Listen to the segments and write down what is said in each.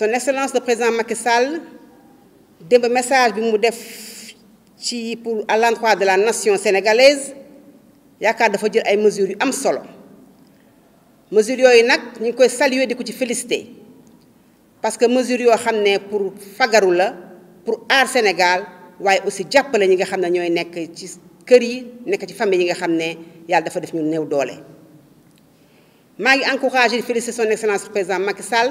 son excellence le président Macky Sall le message bi mu def ci pour à l'endroit de la nation sénégalaise yaakaar dafa jël ay mesures yu am solo mesures yoy nak ñu koy saluer ci féliciter parce que mesures yo xamné pour fagarou la pour Ar Sénégal waye aussi jappalé ñi nga xamné ñoy nek ci kër yi nek ci famille yi nga xamné yalla dafa def ñu néew doolé ngi encourager féliciter son excellence le président Macky Sall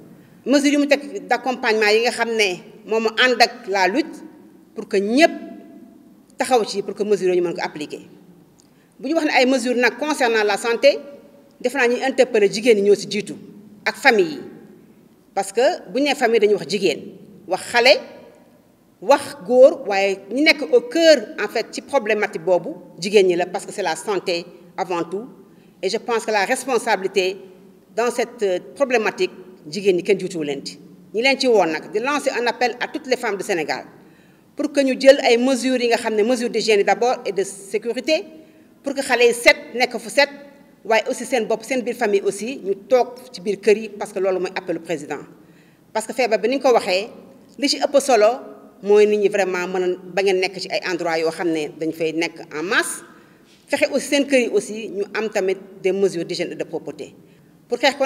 mesures d'accompagnement mu des la lutte pour que pour que mesures mesures concernant la santé nous interpeller les ñi famille parce que si famille au cœur en fait ci parce que c'est la santé avant tout et je pense que la responsabilité dans cette euh, problématique jigéen ñi kenn lancer un appel à toutes les femmes du Sénégal pour que nous jël ay mesures de nga d'abord et de sécurité pour que set nekk fu set aussi seen bopp seen famille aussi ñu toog ci kër yi parce que président parce que ni ko vraiment ba ngeen endroits en masse aussi aussi des mesures de et de propreté pour que ko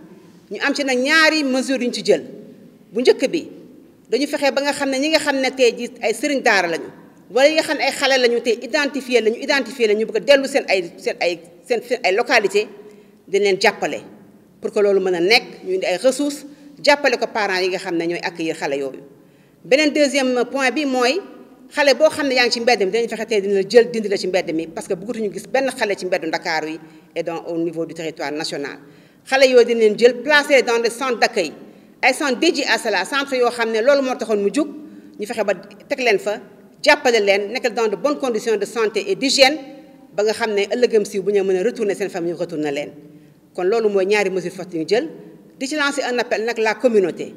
ñu am ci nag ñaari mesure yuñ ci jël bu ñëkk bi dañu fexe ba nga xamné ñi nga xamné ne ji ay sëriñ daara lañu wala yi xamné ay xale lañu tey identifier lañu identifier lañu bëgg a dellu seen ay seen ay seen ay localité dañ leen jàppale pour que loolu mëna nekk ñu indi ay ressources jàppale ko parents yi nga xamné ñoy ñooy accueillir xale yoyu benen deuxième point bi moy xale bo xamné ne ci mbéddem dañu fexe tey dina jël dindi la ci mbéddem mi parce que bëggutu ñu gis benn xale ci mbeddu Dakar yi et donc au niveau du territoire national xalé yo dina leen jël placé dans des centres d'accueil ay centre dédiés à cela centre yo xamné ne loolu moo taxoon mu juk ñu fexé ba tek leen fa jappalé leen nekkal dans de bonnes conditions de santé et d'hygiène ba nga xamné ëllëgëm si bu ñu mëna retourner seen famille ñu retourner leen kon loolu mooy ñaari mesures fortes ñu jël di ci lancer un appel nak la communauté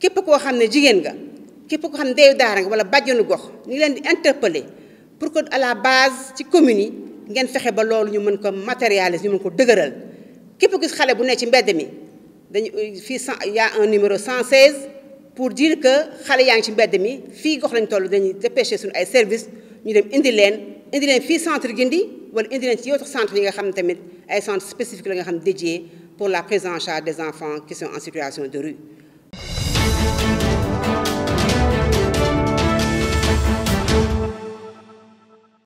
képp koo xam ne jigéen nga képp koo xam ne deeyu daara nga wala bàjjenu gox ñu ngi leen di interpeller pour que à la base ci commune yi ngeen fexe ba loolu ñu mën ko matérialiser ñu mën ko dëgëral képp gis xale bu ne ci mbedd mi dañu fii y a un numéro 116 pour dire que xale yaa ngi ci mbedd mi gox lañ toll dañuy dépêché suñu ay service ñu dem indi leen indi leen fii centre Gindi wala indi leen ci yow centre yi nga xam tamit ay centre spécifique nga xam dédié pour la prise en charge des enfants qui sont en situation de rue